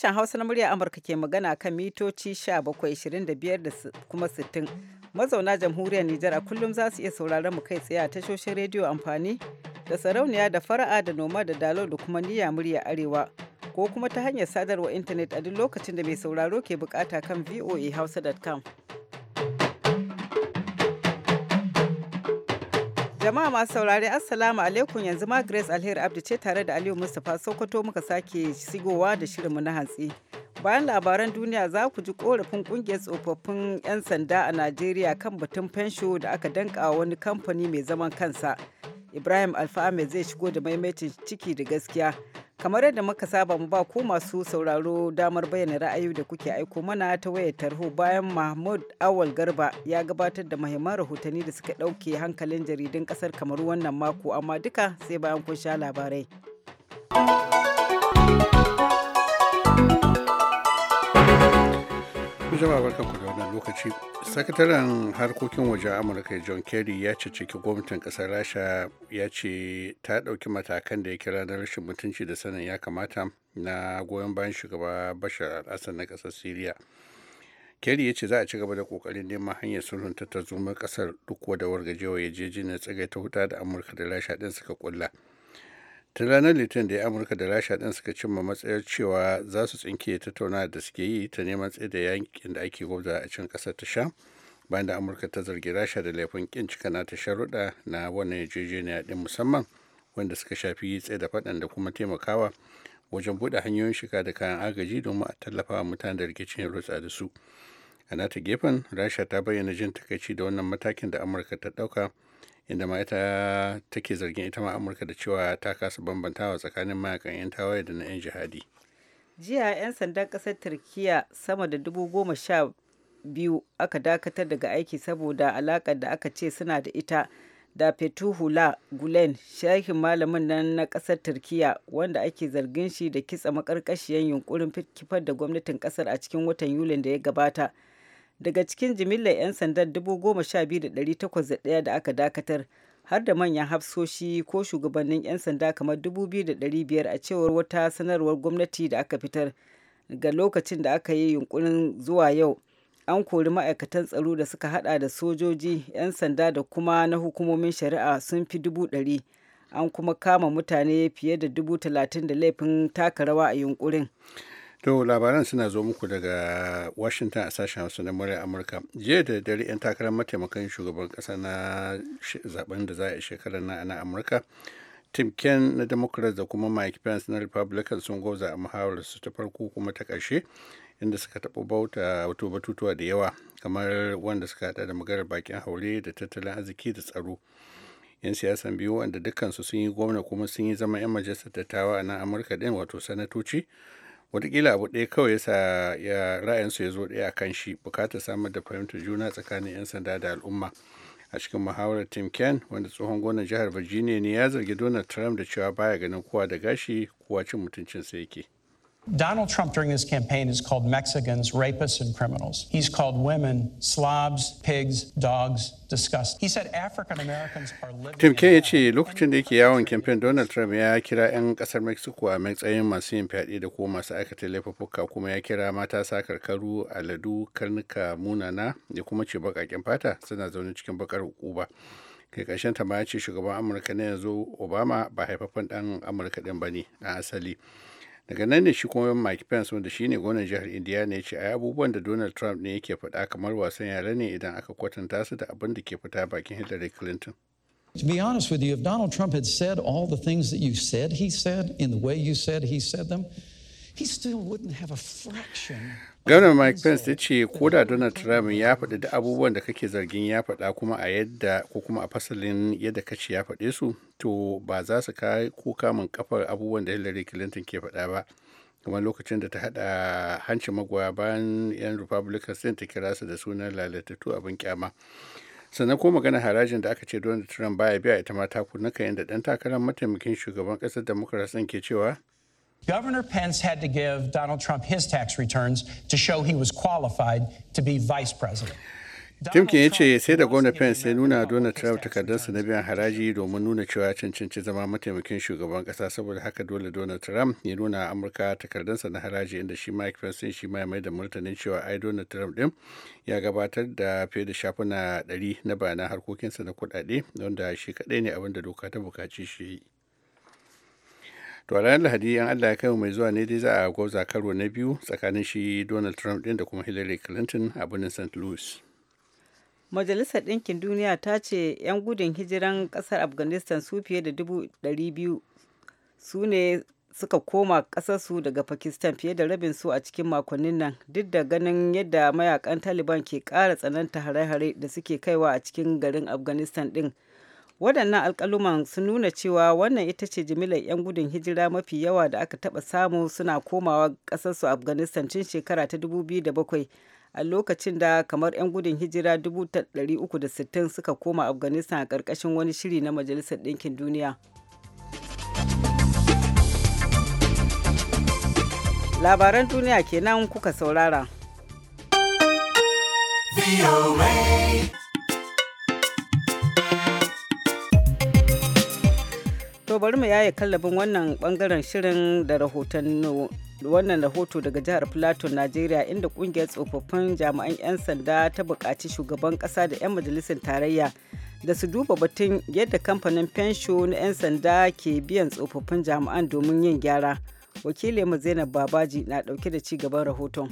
Sashen Hausa na murya Amurka ke magana kan mitoci 1725 da kuma 60. Mazauna jamhuriyar Nijar a kullum za su iya sauraron mu kai tsaye a tashoshin rediyo amfani da sarauniya da fara'a da noma da dalo da kuma niyya murya arewa ko kuma ta hanyar sadarwa intanet a duk lokacin da mai sauraro ke bukata kan voa voahausa.com. Jama'a masu saurari Assalamu alaikum yanzu ma Grace Alheri Abdi ce tare da Aliyu Mustapha Sokoto muka sake sigowa da shirinmu na hantsi. Bayan labaran duniya za ku ji korafin kungiyar tsofaffin 'yan sanda a Najeriya kan batun fensho da aka danka wani kamfani mai zaman kansa. Ibrahim Alfa zai shigo da maimaitin ciki da gaskiya. Kamar yadda muka saba mu ba ko masu sauraro damar bayyana ra'ayi da kuke aiko mana ta wayar tarho bayan Mahmud Awal Garba ya gabatar da mahimman rahotanni da suka ɗauke hankalin jaridun ƙasar kamar wannan mako amma duka sai bayan kun sha labarai. jama'a barkanku da wannan lokaci. Sakataren harkokin waje Amurka John Kerry ya ciki gwamnatin kasar Rasha ya ce ta ɗauki matakan da ya kira na rashin mutunci da sanin ya kamata na goyon bayan shugaba Bashar al na kasar Siriya. Kerry ya ce za a ci gaba da kokarin neman hanyar sulhun ta kasar ƙasar duk wadawar gajewa ya je jinin tsagaita huta da Amurka da Rasha ɗin suka ƙulla. tun ranar litinin da ya amurka da rasha din suka cimma matsayar cewa za su tsinke tattauna da suke yi ta neman tsaye da yankin da ake gwabza a cikin kasar ta sha bayan da amurka ta zargi rasha da laifin kin cika na ta sharuɗa na wannan yarjejeniya din musamman wanda suka shafi tsaye da faɗan da kuma taimakawa wajen buɗe hanyoyin shiga da kayan agaji domin a tallafa wa mutanen da rikicin ya rutsa da su a nata gefen rasha ta bayyana jin takaici da wannan matakin da amurka ta ɗauka inda ma ita take zargin ita ma amurka da cewa ta kasa bambantawa tsakanin mayakan 'yan tawaye da na 'yan jihadi jiya 'yan sandan kasar turkiya sama da dubu goma sha biyu aka dakatar daga aiki saboda alakar da aka ce suna da ita da fetuhula Gulen shahin malamin nan na kasar Turkiya wanda ake zargin shi da kitsa makarkashiyan yunkurin kifar da gwamnatin kasar a cikin watan Yulin da ya gabata. daga cikin jimillar 'yan sandan 12,801 da aka dakatar har da manyan hafsoshi ko shugabannin 'yan sanda kamar 2,500 a cewar wata sanarwar gwamnati da aka fitar ga lokacin da aka yi yunkurin zuwa yau an kori ma'aikatan tsaro da suka hada da sojoji 'yan sanda da kuma na hukumomin shari'a sun fi dubu an kuma kama mutane fiye da dubu talatin da laifin taka rawa a yunkurin To labaran suna zo muku daga Washington a sashen Hausa na murya Amurka. Jiya da dare 'yan takarar mataimakan shugaban kasa na zaben da za a yi shekarar na na Amurka. Tim Ken na democrat da kuma Mike Pence na Republican sun goza a muhawarar su ta farko kuma ta ƙarshe inda suka taɓa bauta wato batutuwa da yawa kamar wanda suka haɗa da maganar bakin haure da tattalin arziki da tsaro. 'yan siyasan biyu wanda dukkansu sun yi gwamna kuma sun yi zama 'yan majalisar dattawa a nan amurka din wato sanatoci watakila abu ɗaya kawai yasa ya ra'ayinsu ya zo ɗaya a kan shi bukatar samar da fahimtar juna tsakanin 'yan sanda da al'umma a cikin muhawarar tim ken wanda tsohon gwamnan jihar virginia ne ya zargi donald trump da cewa baya ganin kowa da gashi kowa cin mutuncinsa yake Donald Trump during this campaign has called Mexicans rapists and criminals. He's called women slobs, pigs, dogs, disgust. He said African Americans are living. Tim Kaine ya ce lokacin da yake yawon kamfen Donald Trump ya kira 'yan kasar Mexico a matsayin masu yin fyaɗe da kuma masu aikata laifuka kuma ya kira mata sa karkaru aladu, karnuka, munana da kuma ce baƙaƙen fata suna zaune cikin bakar uba kai ƙarshen ta ma ya ce shugaban amurka na yanzu obama ba haifafan ɗan amurka ɗin ba ne na asali daga nan ne shi kuma mike pence wanda shine gwamnan jihar indiana ya ce a abubuwan da donald trump ne yake faɗa kamar wasan yare ne idan aka kwatanta su da abin da ke fita bakin hillary clinton To be honest with you, if Donald Trump had said all the things that you said he said in the way you said he said them, he still wouldn't have a fraction Gwamnan Mike Pence ya ce ko da Donald Trump ya faɗi da abubuwan da kake zargin ya faɗa kuma a yadda ko kuma a fasalin yadda kace ya faɗe su to ba za su kai ko kamun kafar abubuwan da Hillary Clinton ke faɗa ba. kamar lokacin da ta haɗa hancin magoya bayan 'yan republicans din ta kira su da sunan lalatattu abin kyama sannan ko magana harajin da aka ce donald trump baya biya ita ma ta kai yadda ɗan takarar mataimakin shugaban ƙasar democrats din ke cewa Governor Pence had to give Donald Trump his tax returns to show he was qualified to be vice president. Timkin ya ce sai da gwamna Pence ya nuna Donald Trump takardarsa na biyan haraji domin nuna cewa cancanci zama mataimakin shugaban kasa saboda haka dole Donald Trump ya nuna Amurka takardarsa na haraji inda shi Mike Pence shi ma mai da martanin cewa ai Donald Trump din ya gabatar da fiye da shafuna 100 na bayanan harkokinsa na kuɗaɗe wanda shi kaɗai ne abin da doka ta bukaci shi yi. to a ranar lahadi yan allah ya kai mai zuwa ne dai za a gwauza karo na biyu tsakanin shi donald trump din da kuma hillary clinton a birnin st louis majalisar ɗinkin duniya ta ce 'yan gudun hijiran ƙasar afghanistan su fiye da 200 su ne suka koma ƙasarsu daga pakistan fiye da rabin su a cikin makonnin nan duk da ganin yadda mayakan taliban ke ƙara tsananta hare-hare da suke kaiwa a cikin garin afghanistan ɗin. waɗannan alkaluman sun nuna cewa wannan ita ce jimillar 'yan gudun hijira mafi yawa da aka taɓa samu suna komawa ƙasarsu afghanistan tun shekara ta 2007 a lokacin da kamar 'yan gudun hijira 360 suka koma afghanistan a ƙarƙashin wani shiri na majalisar ɗinkin duniya labaran duniya kenan kuka saurara. bari mu yaye kallabin wannan bangaren shirin da rahoton wannan rahoto daga jihar plateau najeriya inda kungiyar tsofaffin jami'an 'yan sanda ta bukaci shugaban kasa da 'yan majalisar tarayya da su duba batun yadda kamfanin fensho na 'yan sanda ke biyan tsofaffin jami'an domin yin gyara wakilinmu zainab babaji na ɗauke da ci gaban rahoton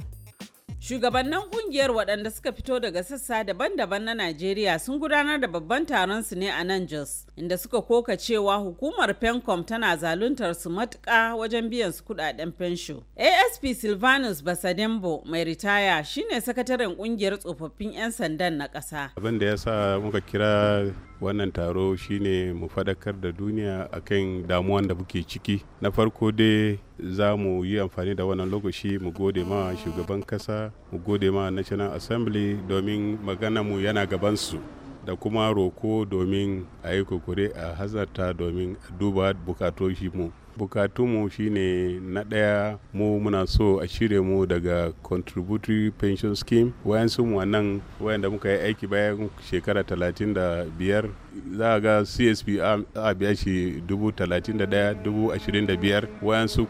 Shugabannin kungiyar waɗanda suka fito daga sassa daban-daban na Najeriya sun gudanar da babban taron su ne a nan Jos, inda suka koka cewa hukumar PENCOM tana zaluntar su matuƙa wajen biyan su kuɗaɗen fensho. ASP Silvanus Basadembo mai ritaya shine sakataren kungiyar tsofaffin 'yan sandan na ƙasa. Abin da ya muka kira wannan taro shine mu faɗakar da duniya akan damuwan da muke ciki na farko dai za mu yi amfani da wannan lokaci mu gode ma shugaban kasa mu gode ma national assembly domin magana mu yana gabansu da kuma roko domin a yi kokore a hazarta domin duba bukatoshi mu bukatunmu shine na ɗaya mu muna so a shirya mu daga contributory pension scheme wayansu wannan nan wayanda muka yi aiki bayan shekara talatin da biyar za a ga csp a biya shi dubu talatin da daya dubu ashirin da biyar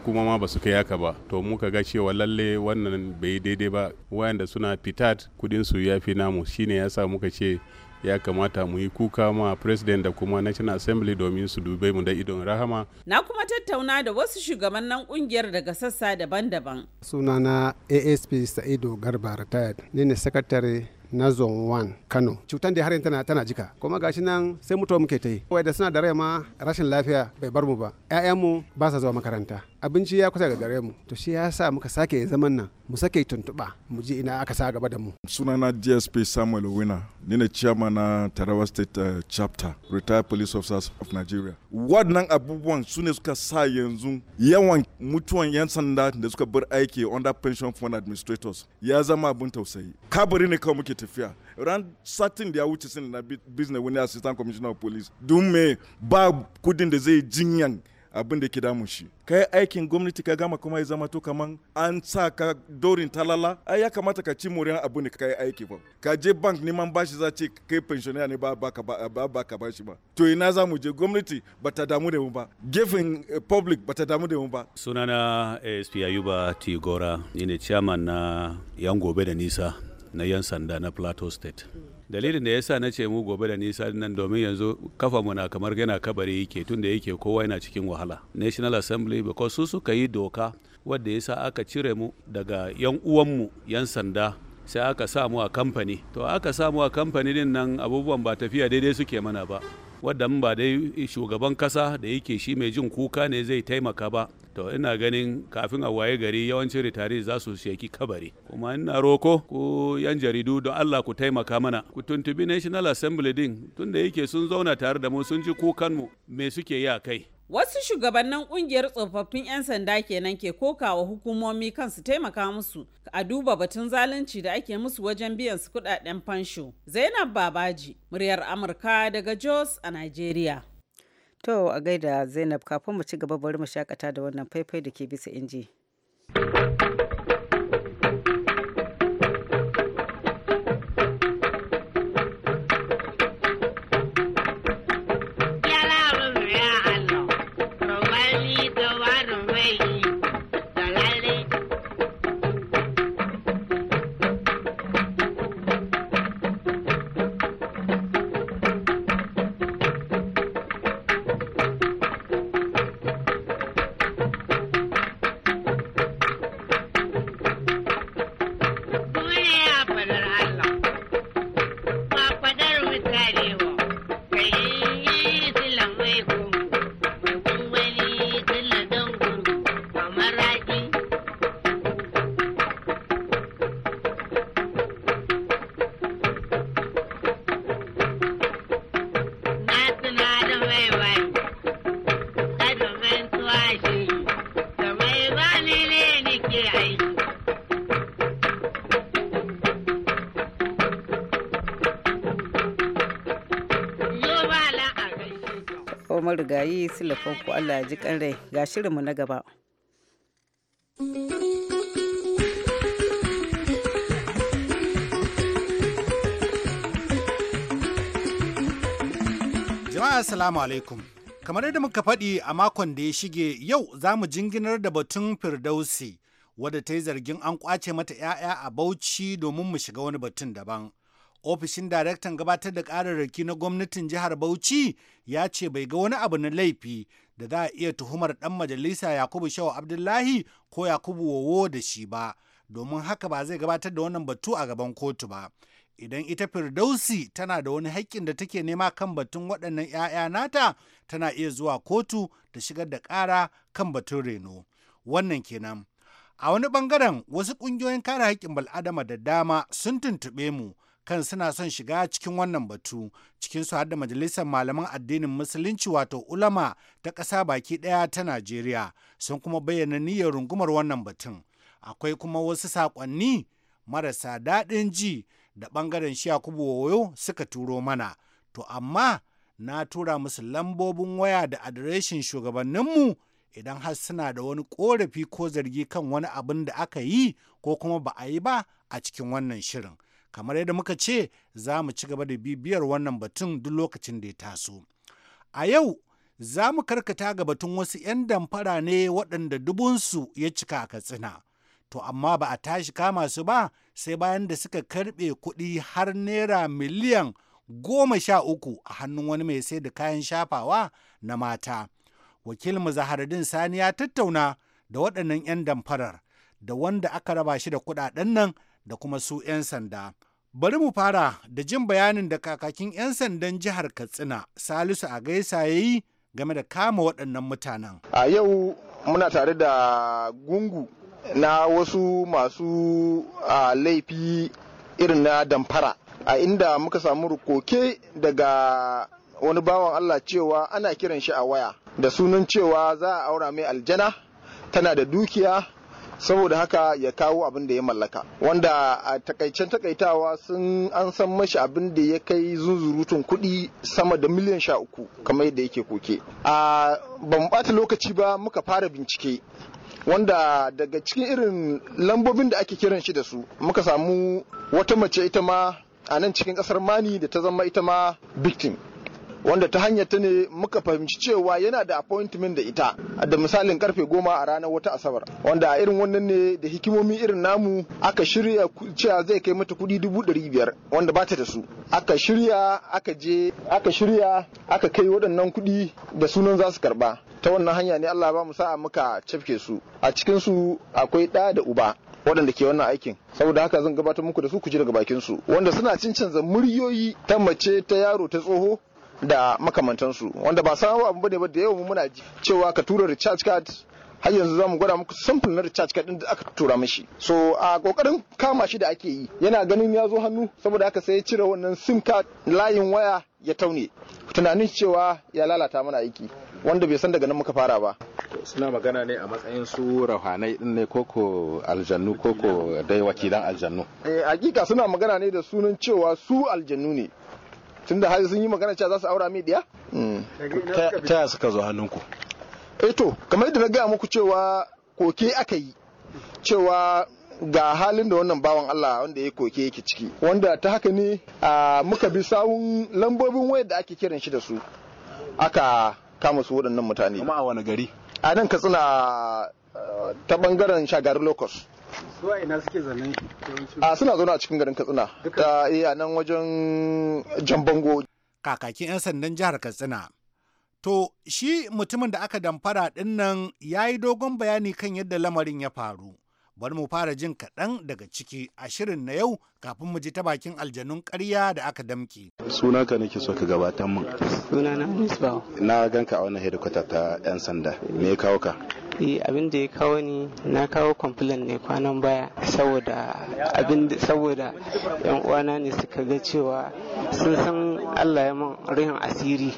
kuma ma ba su kai haka ba to muka ga cewa lalle wannan bai daidai ba wayanda suna fitat kudin su ya fi namu shine sa muka ce ya kamata mu yi kuka ma president da kuma national assembly domin su dube mu da idon rahama na kuma tattauna da wasu shugabannin kungiyar daga sassa daban-daban sunana asp sa'ido garba retired ni ne sakatare na zone 1 kano cutan da harin tana tana jika kuma gashi nan sai mutuwa muke ta yi wai da suna da rai ma rashin lafiya bai bar mu ba 'ya'yanmu ba sa zuwa makaranta abinci ya kusa ga gare mu to shi ya sa muka sake zaman nan mu sake tuntuɓa mu ji ina aka sa gaba da mu sunana dsp samuel wina ni ne chairman na tarawa state uh, chapter retired police officers of nigeria waɗannan abubuwan su ne suka sa yanzu yawan mutuwan yan sanda da suka bar aiki under pension fund administrators ya zama abin tausayi kabari ne kawai muke tafiya ran satin da ya wuce sin na business wani assistant commissioner of police dun me ba kudin da zai jinyan abin da ke damu shi kai aikin gwamnati ka gama kuma ya zama to kaman an sa ka dorin talala ai ya kamata ka ci moriyar abin da kai aiki ba ka je bank neman bashi za ce kai pensioner ne ba baka ba ka bashi ba to ina za mu je gwamnati bata damu da mu ba gefen eh, public bata damu da mu ba sunana ASP eh, Ayuba Tigora ne chairman na yan gobe da nisa na yan sanda na Plateau State dalilin da ya sa na ce mu gobe da nisa nan domin yanzu kafa mu na kamar yana kabari yake tun da yake kowa yana cikin wahala national assembly because su suka yi doka wadda yasa aka cire mu daga yan uwanmu yan sanda sai aka samu a kamfani to aka samu a kamfani din nan abubuwan ba tafiya daidai suke mana ba wadda ba dai shugaban kasa da yake shi mai jin kuka ne zai taimaka ba to ina ganin kafin a waye gari yawancin ritari za su sheki kabari kuma ina roko ku yan jaridu don Allah ku taimaka mana ku tuntubi National Assembly din tunda yake sun zauna tare da mu sun ji kukan mu me suke yi a kai Wasu shugabannin kungiyar tsofaffin 'yan sanda kenan ke kokawa hukumomi kan su taimaka musu a duba batun zalunci da ake musu wajen biyan su kudaden fansho. Zainab Babaji, muryar Amurka daga Jos a nigeria. To a gaida Zainab kafin mu ci gaba bari mu shakata da wannan faifai da ke bisa inji. ku Allah ya ji kan rai ga shirinmu na gaba. Jama'a Assalamu alaikum. Kamar yadda muka faɗi a makon da ya shige yau za mu jinginar da batun Firdausi wadda ta yi zargin an ƙwace mata 'ya'ya a Bauchi domin mu shiga wani batun daban. ofishin daraktan gabatar da ƙararraki na gwamnatin jihar bauchi ya ce bai ga wani abu na laifi da za a iya tuhumar ɗan majalisa yakubu shehu abdullahi ko yakubu wowo da shi ba domin haka ba zai gabatar da wannan batu a gaban kotu ba idan ita firdausi tana da wani haƙƙin da take nema kan batun waɗannan 'ya'ya nata tana iya zuwa kotu da shigar da ƙara kan batun reno wannan kenan a wani ɓangaren wasu ƙungiyoyin kare haƙƙin bal'adama da dama sun tuntuɓe mu kan suna son shiga cikin wannan batu cikin su da majalisar malaman addinin musulunci wato ulama ta ƙasa baki ɗaya ta najeriya sun kuma bayyana niyyar rungumar wannan batun akwai kuma wasu saƙonni marasa daɗin ji da ɓangaren shi yakubu wayo suka turo mana to amma na tura musu lambobin waya da adireshin shugabanninmu idan har suna da wani korafi ko zargi kan wani abin da aka yi ko kuma ba a yi ba a cikin wannan shirin kamar yadda muka ce za mu ci gaba da bibiyar wannan batun duk lokacin da ya taso a yau za mu karkata ga batun wasu 'yan damfara ne waɗanda dubunsu ya cika a katsina to amma ba a tashi kama su ba sai bayan da suka karɓe kuɗi har naira miliyan goma sha uku a hannun wani mai sai da kayan shafawa na mata Wakil Muzaharadin sani ya tattauna da waɗannan 'yan damfarar da wanda aka raba shi da kuɗaɗen nan da kuma su 'yan sanda. Bari mu fara da jin bayanin da kakakin 'yan sandan jihar Katsina Salisu a gaisa ya yi game da kama waɗannan mutanen. A yau muna tare da gungu na wasu masu laifi irin na damfara a inda muka samu rukoke daga wani bawan Allah cewa ana kiran shi a waya da sunan cewa za a aura mai aljana tana da dukiya saboda haka ya kawo abin da ya mallaka wanda a takaicen takaitawa sun an san mashi abin da ya kai zunzurutun kuɗi sama da miliyan sha uku kamar yadda yake koke a ban ɓata lokaci ba muka fara bincike wanda daga cikin irin lambobin da ake kiran shi da su muka samu wata mace ita ma a nan cikin ƙasar mani da ta zama ita ma victim wanda ta hanyar ta ne muka fahimci cewa yana da appointment da ita da misalin karfe goma a ranar wata asabar wanda a irin wannan ne da hikimomi irin namu aka shirya cewa zai kai mata kudi dubu ɗari biyar wanda ba ta da su aka shirya aka je aka shirya aka kai waɗannan kudi da sunan za su karba ta wannan hanya ne Allah ba mu sa'a muka cafke su a cikin su akwai ɗa da uba waɗanda ke wannan aikin saboda haka zan gabatar muku da su ku ji daga bakin su wanda suna cin canza muryoyi ta mace ta yaro ta tsoho da makamantansu wanda ba sanarwa abu bane ba da yawan muna ji cewa ka tura recharge card har yanzu za mu gwada muku simple na recharge card din da aka tura mishi so a kokarin kama shi da ake yi yana ganin ya zo hannu saboda aka sai ya cire wannan sim card layin waya ya taune tunanin cewa ya lalata mana aiki wanda bai san daga nan muka fara ba suna magana ne a matsayin su rahanai din ne koko aljannu koko dai wakilan aljannu eh hakika suna magana ne da sunan cewa su aljannu ne tunda har sun yi magana cewa za su aura mai diya hmm. ta ya suka zo hannunku eh to kamar yadda na gaya muku cewa koke aka yi cewa ga halin da wannan bawan Allah wanda ya koke yake ciki wanda ta haka ne a muka bi sawun lambobin wayar da ake kiran shi da su aka kama su waɗannan mutane kuma a wani gari a nan katsina ta bangaren shagari locust su a suna zaune a cikin garin katsina ta iya eh, nan wajen jan kakakin 'yan sandan jihar katsina to shi mutumin da aka damfara din nan ya yi dogon bayani kan yadda lamarin ya faru bari mu fara jin kaɗan daga ciki a shirin na yau kafin mu ji ta bakin aljanun ƙarya da aka damke suna ka nake so ka gabatar mu. suna na na ganka a wannan hedikwata ta 'yan sanda me ya kawo ka Eh abin da ya kawo ni na kawo complain ne kwanan baya saboda abin saboda yan uwana ne suka ga cewa sun san Allah ya man rihin asiri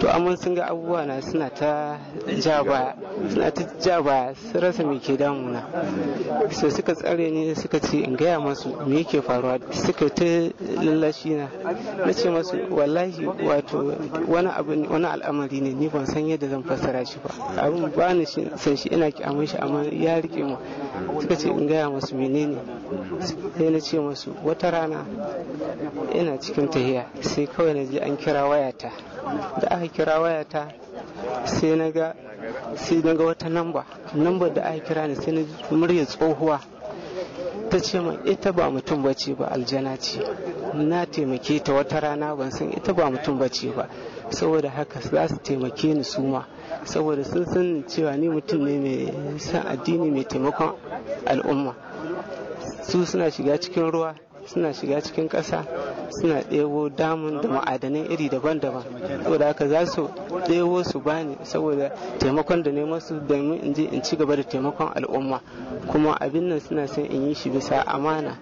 to amma sun ga abubuwa na suna ta ja baya suna ta ja baya sun rasa me ke damuna so suka tsare ni suka ce in gaya masu me yake faruwa suka ta lallashi na na ce masu wallahi wato wani wani al'amari ne ni ban san yadda zan fassara shi ba abin ba ni san shi ina kyamun shi amma ya rike mu suka ce in gaya masu menene sai na ce masu wata rana ina cikin tahiya sai kawai na ji an kira wayata da aka kira wayata sai na ga sai na ga wata namba namba da aka kira ni sai na ji murya tsohuwa ta ce ma ita ba mutum bace ba aljana ce na taimake ta wata rana ban san ita ba mutum bace ba saboda haka za su taimake ni su ma saboda sun san cewa ni mutum ne mai san addini mai taimakon al'umma su suna shiga cikin ruwa suna shiga cikin ƙasa suna ɗebo damun da ma'adanan iri daban-daban saboda haka za su ɗebo su bani saboda taimakon da neman su domin in je in ci gaba da taimakon al'umma kuma abin nan suna son in yi shi bisa amana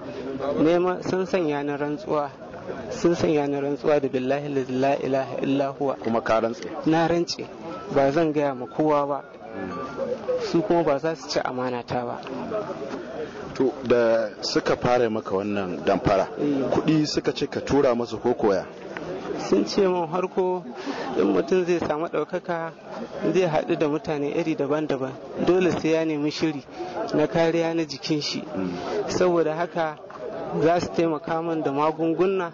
neman sun sanya na rantsuwa sun sanya na rantsuwa da billahi la ilaha illa huwa kuma ka rantse na rantse ba zan gaya ma kowa ba su kuma ba za su ci amanata ba to da suka fara maka wannan damfara eh. kuɗi suka ce ka tura masu ko koya sun ce min harko in mutum zai samu ɗaukaka zai haɗu da mutane iri daban-daban dole sai ya nemi shiri na kariya na jikin shi mm. saboda haka za su taimaka min da magunguna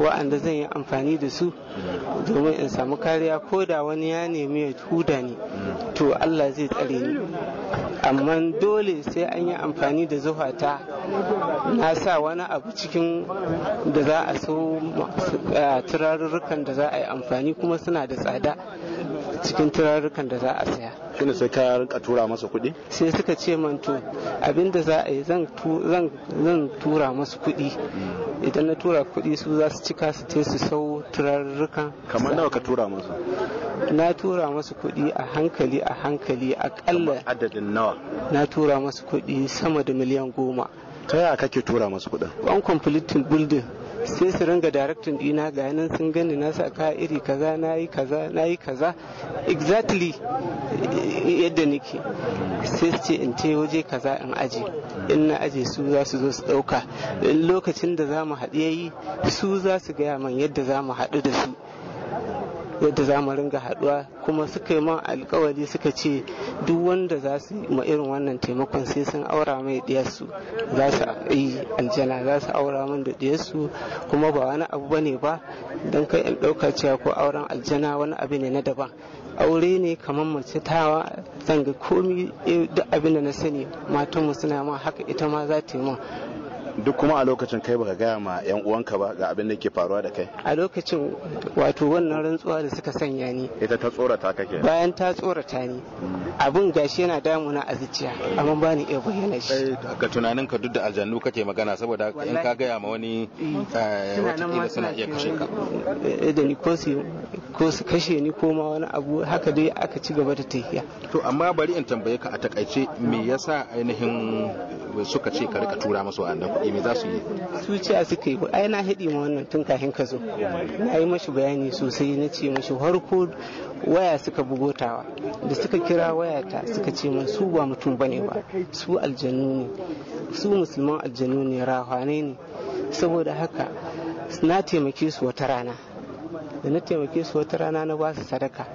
wa'anda zan yi amfani da su domin in samu kariya ko da wani ya nemi ya huda ni to Allah zai tsare ni amma dole sai an yi amfani da zuhata na sa wani abu cikin da za a so eh, turarurrukan da za a yi amfani kuma suna da tsada cikin turarukan da za a saya shine sai ka rinka tura masa kuɗi sai suka ce man to abinda za a yi zan tura masu kuɗi mm. idan na tura kuɗi su za su cika su te su sau turarrukan kamar nawa ka tura masu na tura masu kuɗi a hankali a hankali aƙalla. adadin nawa na tura masu kuɗi sama da miliyan goma ta yaya kake tura masu kuɗin an completing building sai su ringa daraktan dina ga nan sun gani na sa ka iri kaza na yi kaza na yi kaza exactly yadda nake sai su ce in ce waje kaza in aje in na aje su za su zo su ɗauka lokacin da za mu haɗu yayi su za su gaya man yadda za mu haɗu da su yadda za mu ringa haɗuwa kuma suka yi man alkawari suka ce duk wanda za su ma irin wannan taimakon sai sun aura mai ɗiyarsu za su yi aljana za su aura min da diyarsu kuma ba wani abu bane ba don kai in ɗauka cewa ko auren aljana wani abu ne na daban aure ne kamar mace tawa zanga komi eh, duk abin da na sani matanmu suna ma haka ita ma za ta yi ma duk kuma a lokacin kai baka gaya ma yan uwanka ba ga abin da ke faruwa da kai a lokacin wato wannan rantsuwa da suka sanya ni ita ta tsorata kake bayan ta tsorata ni hmm. abin gashi yana damuna a zuciya amma ba ni iya bayyana shi ka tunanin ka duk da aljannu kake magana saboda in ka gaya ma wani wata hmm. eh, suna iya kashe ka eh, da ni ko su ko su kashe ni ko ma wani abu haka dai aka ci gaba da tafiya to amma bari in tambaye ka a takaice me yasa ainihin suka ce ka rika tura musu wa'annan kuɗi haɗe me za su yi su ce a suka yi ai na haɗe ma wannan tun kafin ka zo na yi mashi bayani sosai na ce mashi harko waya suka bugo da suka kira wayata suka ce min su ba mutum bane ba su aljanu ne su musulman aljanu ne rahane ne saboda haka na taimake su wata rana da na taimake su wata rana na ba su sadaka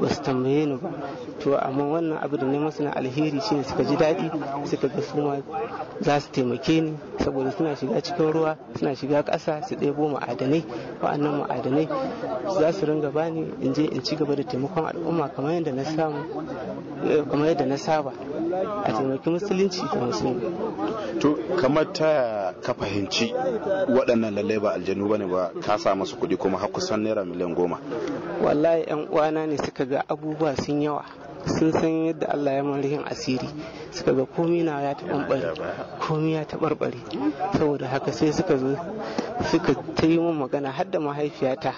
ba su tambaye ni ba to amma wannan abu da na masu na alheri shine suka ji daɗi suka ga su ma za su taimake ni saboda suna shiga cikin ruwa suna shiga ƙasa su ɗebo ma'adanai wa'annan ma'adanai za su ringa bani in je in ci gaba da taimakon al'umma kamar yadda na samu eh, kamar saba a taimaki musulunci da musulmi to kamar ta ka fahimci waɗannan lallai ba aljanu bane ba ka sa masu kuɗi kuma har kusan naira miliyan goma wallahi yan uwana ne suka ga abubuwa sun yawa sun san yadda Allah ya marihin asiri suka ga komi na ya taɓarɓare komi ya taɓarɓare saboda haka sai suka zo suka ta yi min magana har da mahaifiyata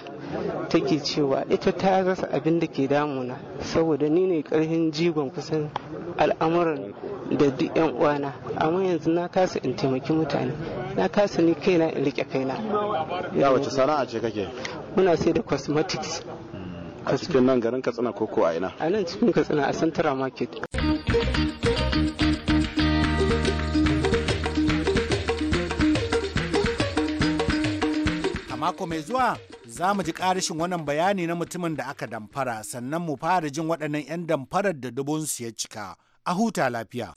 take cewa ita ta rasa abin da ke damuna saboda ni ne ƙarfin jigon kusan al'amuran da duk yan uwana amma yanzu na kasa in taimaki mutane na kasa ni kaina in rike kaina ya wace sana'a ce kake muna sai da cosmetics a cikin nan garin katsina koko a ina a nan cikin katsina a santara market a mako mai zuwa za mu ji karishin wannan bayani na mutumin da aka damfara sannan mu fara jin waɗannan 'yan damfarar da dubunsu ya cika a huta lafiya.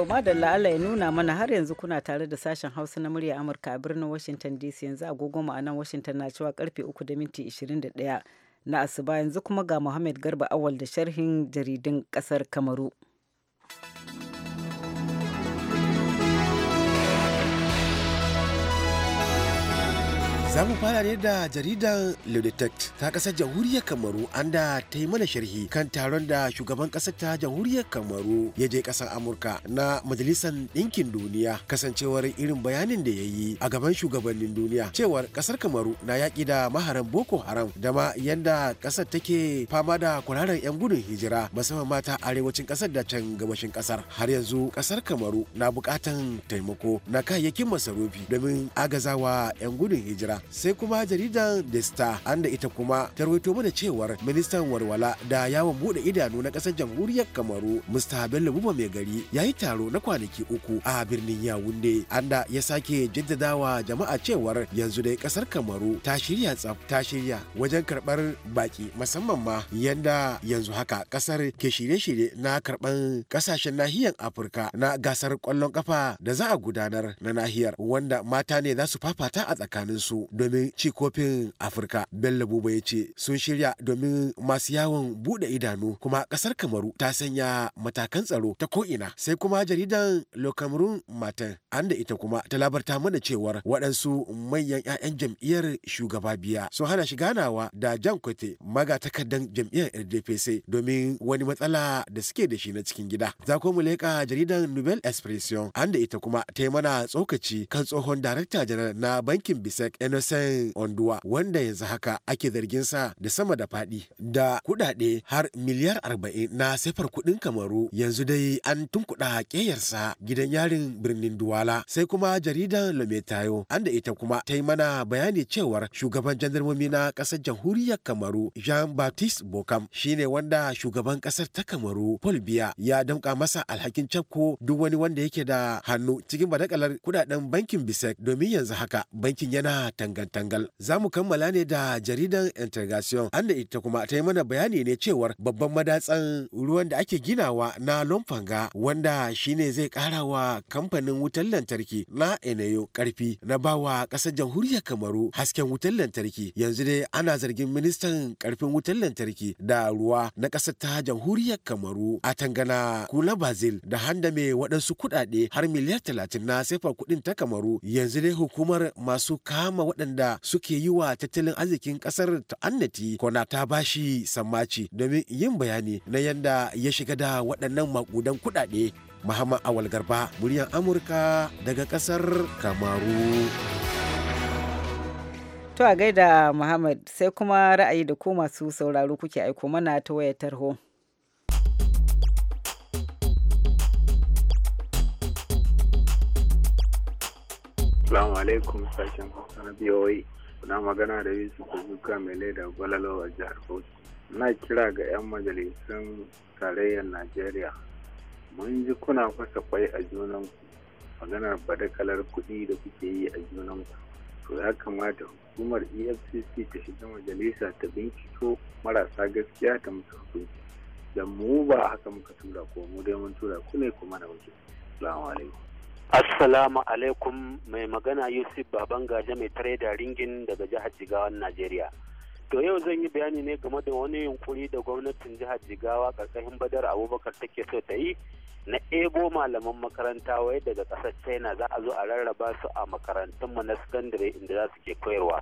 koma da Allah ya nuna mana har yanzu kuna tare da sashen Hausa na murya Amurka a birnin Washington DC yanzu agogo mu a Washington na cewa karfe 3 da minti 21 na asuba yanzu kuma ga Muhammad Garba Awal da sharhin jaridun kasar Kamaru. Za mu fara ne da jaridar Lunatect ta kasar jamhuriyar Kamaru an da ta yi mana sharhi kan taron da shugaban kasar ta jamhuriyar Kamaru ya je kasar Amurka na Majalisar Ɗinkin Duniya kasancewar irin bayanin da ya yi a gaban shugabannin duniya cewar kasar Kamaru na yaƙi da maharan Boko Haram da ma yanda kasar take fama da kuraren 'yan gudun hijira musamman mata arewacin kasar da can gabashin kasar har yanzu kasar Kamaru na buƙatan taimako na kayayyakin masarufi domin agazawa 'yan gudun hijira sai kuma jaridar the star an da ita kuma ta rawaito mana cewar ministan walwala da yawon bude idanu na kasar jamhuriyar kamaru mr bello buba mai gari ya yi taro na kwanaki uku a birnin yawunde an ya sake jaddadawa jama'a cewar yanzu dai kasar kamaru ta shirya tsaf ta shirya wajen karbar baki musamman ma yanda yanzu haka kasar ke shirye-shirye na karban kasashen nahiyar afirka na gasar kwallon kafa da za a gudanar na nahiyar wanda mata ne za su fafata a tsakaninsu domin cikofin Afirka. Bello Buba ya ce sun shirya domin masu yawon bude idanu kuma kasar Kamaru ta sanya matakan tsaro ta ko'ina sai kuma jaridan Le Cameroon Matin an da ita kuma ta labarta mana cewar waɗansu manyan 'ya'yan jam'iyyar shugaba biya sun hana shi ganawa da Jan Kwete magatakardan jam'iyyar RDPC domin wani matsala da suke da shi na cikin gida. Za ko mu leƙa jaridan Nouvelle Expression an da ita kuma ta yi mana tsokaci kan tsohon darakta janar na bankin Bisek sayan Onduwa wanda yanzu haka ake zargin sa da sama da faɗi da kuɗaɗe har miliyar arba'in na sifar kuɗin kamaru yanzu dai an tunkuɗa ƙeyarsa gidan yarin birnin Duwala sai kuma jaridan Lometayo an da ita kuma ta yi mana bayani cewar shugaban jandarmomi na ƙasar jamhuriyar Kamaru Jean Baptiste Bokam shine wanda shugaban ƙasar ta Kamaru Paul Biya ya damƙa masa alhakin cakko duk wani wanda yake da hannu cikin badakalar kuɗaɗen bankin Bisek domin yanzu haka bankin yana tanga tangal-tangal. Za mu kammala ne da jaridan Intergation, an da ita kuma ta yi mana bayani ne cewar babban madatsan ruwan da ake ginawa na lomfanga. wanda shine zai kara wa kamfanin wutar lantarki na Eneyo karfi na bawa ƙasar jamhuriyar Kamaru hasken wutar lantarki. Yanzu dai ana zargin ministan karfin wutar lantarki da ruwa na ƙasar ta jamhuriyar Kamaru a tangana Kula brazil da handame waɗansu kuɗaɗe har miliyar talatin na sefa kuɗin ta Kamaru. Yanzu dai hukumar masu kama waɗanda suke yi wa tattalin arzikin ƙasar ta'annati na ta bashi sammaci domin yin bayani na yadda ya shiga da waɗannan maƙudan kuɗaɗe Muhammad Awal Garba, muryar Amurka daga ƙasar Kamaru. To a gaida Muhammad sai kuma ra'ayi da ko masu sauraro kuke aiko mana ta wayar tarho. Assalamu alaikum sashen Hausa na BOA. Kuna magana da Yusuf Kuzuka mai laida gwalalo a jihar Bauchi. Na kira ga 'yan majalisun tarayyar Najeriya. Mun ji kuna fasa kwai a junan Maganar badakalar kuɗi da kuke yi a junan ku To ya kamata hukumar EFCC ta shiga majalisa ta binciko marasa gaskiya ta musu hukunci. Da mu ba haka muka tura ko mu dai mun tura ku ne kuma na wuce. Assalamu alaikum. Assalamu alaikum mai magana Yusuf Baban Gaja mai da ringin daga jihar Jigawan Najeriya. To yau zan yi bayani ne game da wani yunkuri da gwamnatin jihar Jigawa karkashin Badar Abubakar take so ta yi na ego malaman makaranta wai daga ƙasar China za a zo a rarraba su a mu na sakandare inda za su ke koyarwa.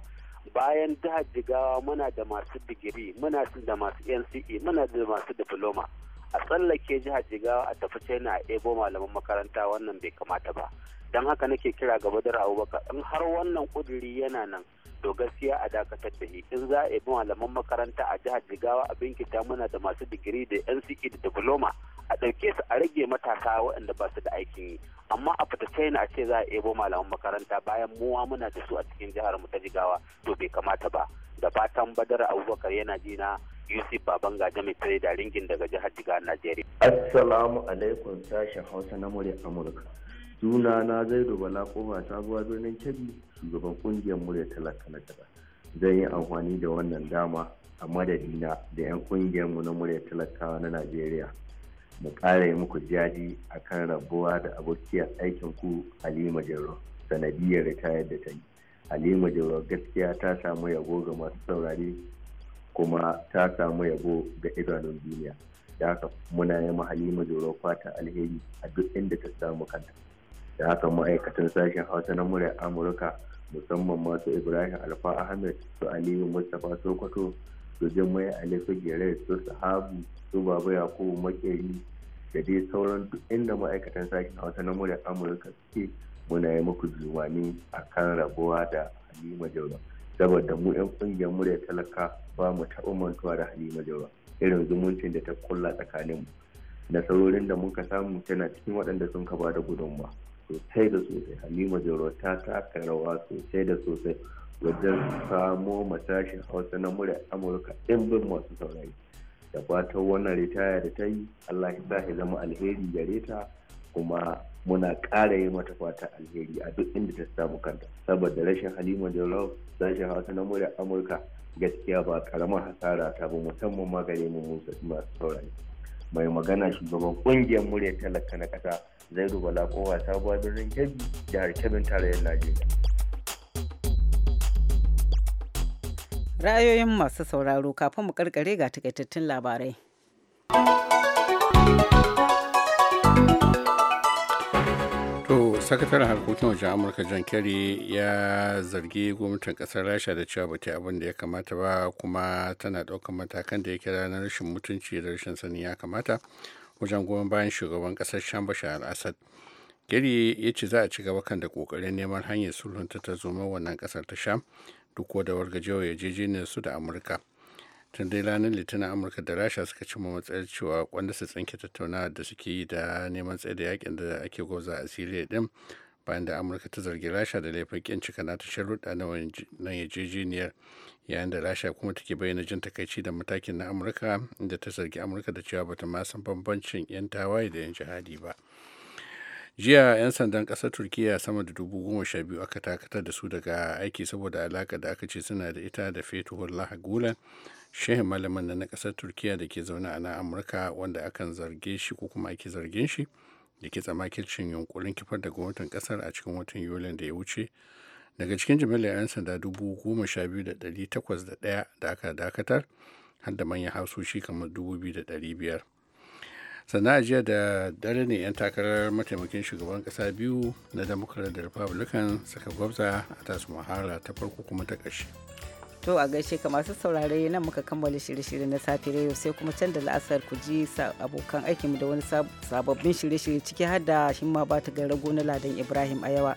Bayan jihar Jigawa muna da masu digiri, muna da masu NCE, muna da masu diploma. a tsallake jihar jigawa a tafi china a ebo malaman makaranta wannan bai kamata ba don haka nake kira ga badar abubakar in har wannan kuduri yana nan to gaskiya a dakatar da shi in za a ebo malaman makaranta a jihar jigawa a binkita muna da masu digiri da yan e da diploma a ɗauke su a rage matasa waɗanda ba su da aikin yi amma a fita china a ce za a ebo malaman makaranta bayan muwa muna da su a cikin jihar mu ta jigawa to bai kamata ba da fatan badar abubakar yana jina yusuf baban Jami mai da ringin daga jihar jiga najeriya assalamu alaikum sashen hausa na murya amurka suna na zaidu bala kofa sabuwa birnin kebbi shugaban kungiyar murya talaka na Gaba. zan yi amfani da wannan dama a madadina da 'yan mu na murya talakawa na najeriya mu ƙara muku jadi kan rabuwa da abokiyar aikin ku halima jaro sanadiyar ritayar da ta yi halima jaro gaskiya ta samu yabo ga masu saurari kuma ta samu yabo ga idanun duniya da haka muna yi halima joro fata alheri a duk inda ta samu kanta da haka ma'aikatan sashen hausa na murya amurka musamman masu ibrahim alfa ahmed su aliyu mustapha sokoto su jimai alifu gere su sahabu su babu yakubu makeri da dai sauran duk inda ma'aikatan sashen hausa na murya amurka suke muna yi muku a kan rabuwa da halima joro saboda mu 'yan ƙungiyar murya talaka ba mu taɓa mantuwa da halima jawa irin zumuncin da ta kulla tsakanin tsakaninmu nasarorin da muka samu tana cikin waɗanda sun ka da gudunmawa sosai da sosai halima jawa ta taka rawa sosai da sosai wajen samo matashin hausa na murya amurka ɗin bin masu saurari da fatan wannan ritaya da ta yi allah ya sa zama alheri gare ta kuma muna ƙara yi mata fata alheri a duk inda ta samu kanta saboda rashin halima da rau sashen hausa na murya amurka gaskiya ba karamar hasara ta ba musamman ma mu musa masu saurari mai magana shugaban kungiyar murya talaka na ƙasa zai bala kowa sabuwar birnin kebbi jihar kebbin tarayyar najeriya ra'ayoyin masu sauraro kafin mu karkare ga takaitattun labarai sakataren harkokin wajen amurka john kerry ya zargi gwamnatin kasar rasha da cewa bata abin da ya kamata ba kuma tana ɗaukar matakan da ya kira na rashin mutunci da rashin sani ya kamata wajen goyon bayan shugaban kasar sham bashar al-assad kerry ya ce za a ci gaba kan da kokarin neman hanyar sulhunta ta zoma wannan kasar ta sham duk da wargajewa yarjejeniyar su da amurka tun dai ranar litinin amurka da rasha suka cimma matsayar cewa kwanda su tsinke tattaunawa da suke yi da neman tsaye da yakin da ake goza a siriya din bayan da amurka ta zargi rasha da laifin kin cika na ta sharuɗa na yarjejeniyar yayin da rasha kuma take bayyana jin takaici da matakin na amurka inda ta zargi amurka da cewa bata ma san bambancin 'yan tawaye da 'yan jihadi ba jiya 'yan sandan ƙasar turkiya sama da dubu goma sha biyu aka takatar da su daga aiki saboda alaka da aka ce suna da ita da fetullah gulen shehin malamin na na ƙasar turkiya da ke zaune a na amurka wanda akan zarge shi ko kuma ake zargin shi da ke kicin yunkurin kifar da gwamnatin ƙasar a cikin watan yulin da ya wuce daga cikin jimillar 'yan sanda dubu goma sha biyu da ɗari takwas da ɗaya da aka dakatar har da manyan hausoshi kamar dubu biyu da ɗari biyar sannan jiya da dare ne 'yan takarar mataimakin shugaban kasa biyu na democrat da republican saka gwabza a tasu mahara ta farko kuma ta kashi to a gaishe ka masu saurare nan muka kammala shirye-shirye na safe yau sai kuma can da la'asar ku ji abokan aikinmu da wani sababbin shirye-shirye ciki har da himma ba ta rago na ladan ibrahim a yawa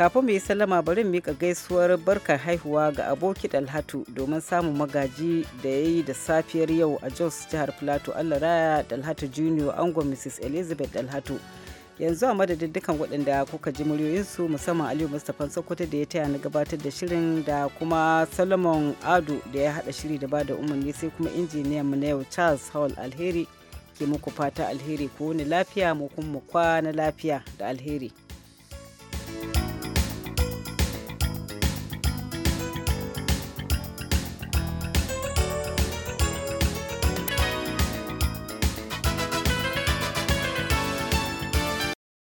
kafin mu yi sallama bari mu mika gaisuwar barkar haihuwa ga aboki dalhatu domin samun magaji da ya yi da safiyar yau a jos jihar plateau allah raya dalhatu junior angon mrs elizabeth dalhatu yanzu a madadin dukkan waɗanda kuka ji muryoyinsu musamman aliyu mustapha sokoto da ya taya na gabatar da shirin da kuma salomon ado da ya haɗa shiri da bada umarni sai kuma injiniyan mu na yau charles hall alheri ke muku fata alheri ko wani lafiya mu kuma kwana lafiya da alheri. thank you